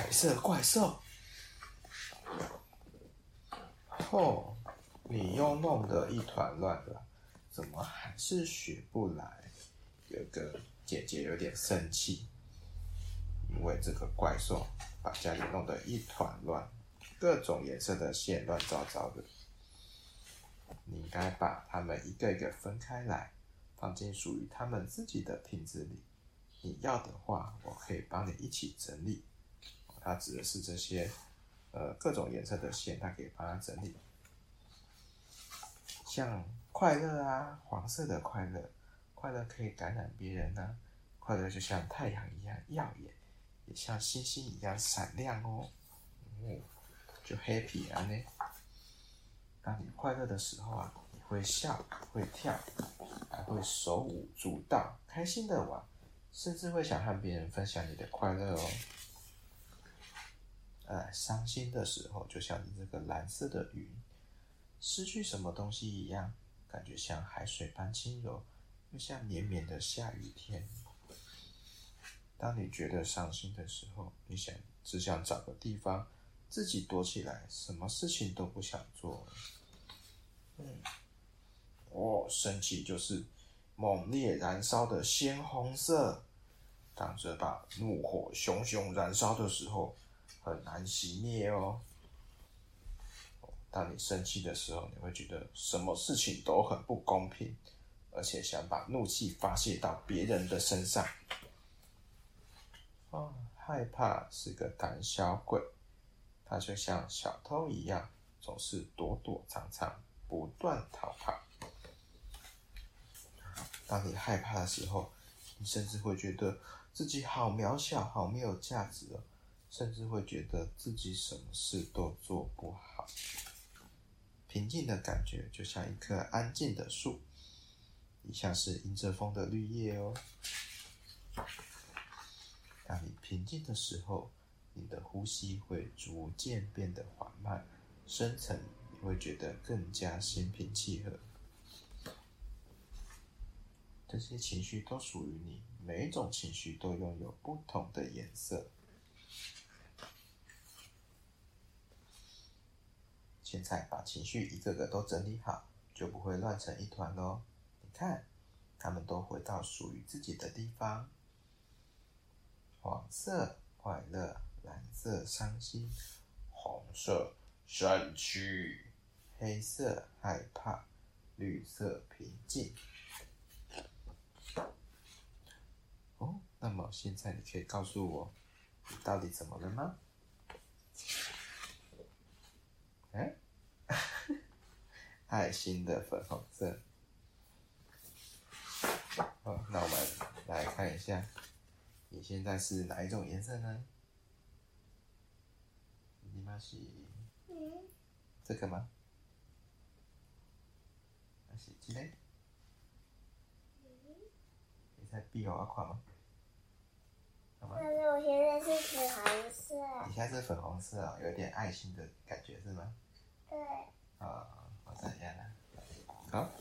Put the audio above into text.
彩色怪獸，哦，Oh，你又弄得一團亂了，怎麼還是學不來？有個姐姐有點生氣，因為這個怪獸把家裡弄得一團亂，各種顏色的線亂糟糟的。你應該把它們一個一個分開來，放進屬於它們自己的瓶子裡。你要的話，我可以幫你一起整理。它指的是這些，呃，各種顏色的線，它可以幫它整理。像快樂啊，黃色的快樂，快樂可以感染別人啊，快樂就像太陽一樣耀眼，也像星星一樣閃亮哦。就、嗯、happy 啊呢。當你快樂的時候啊，你會笑，會跳，還會手舞足蹈，開心的玩，甚至會想和別人分享你的快樂哦。傷心的時候，就像你這個藍色的雲，失去什麼東西一樣，感覺像海水般輕柔，又像綿綿的下雨天。當你覺得傷心的時候，你想只想找個地方自己躲起來，什麼事情都不想做。嗯，哦，生氣就是猛烈燃燒的鮮紅色。當這把怒火熊熊燃燒的時候。很難熄滅哦。當你生氣的時候，你會覺得什麼事情都很不公平，而且想把怒氣發洩到別人的身上。哦，害怕是個膽小鬼，他就像小偷一樣，總是躲躲藏藏，不斷逃跑。當你害怕的時候，你甚至會覺得自己好渺小，好沒有價值哦。甚至會覺得自己什麼事都做不好。平靜的感覺就像一棵安靜的樹，也像是迎着風的綠葉哦。當你平靜的時候，你的呼吸會逐漸變得緩慢、深層，你會覺得更加心平氣和。這些情緒都屬於你，每一種情緒都擁有不同的顏色。現在把情緒一個個都整理好，就不會亂成一團嘍、哦。你看，他們都回到屬於自己的地方：黃色快樂，藍色傷心，紅色生氣，黑色害怕，綠色平靜。哦，那麼現在你可以告訴我，你到底怎麼了嗎？愛心的粉紅色。好、哦，那我們來看一下，你現在是哪一種顏色呢？你們是這個嗎？嗯。還是這個？嗯。可以比給我看嗎？好嗎？但是我現在是，是粉紅色。你現在是粉紅色哦，有點愛心的感覺是嗎？對。啊、哦。再見了，好。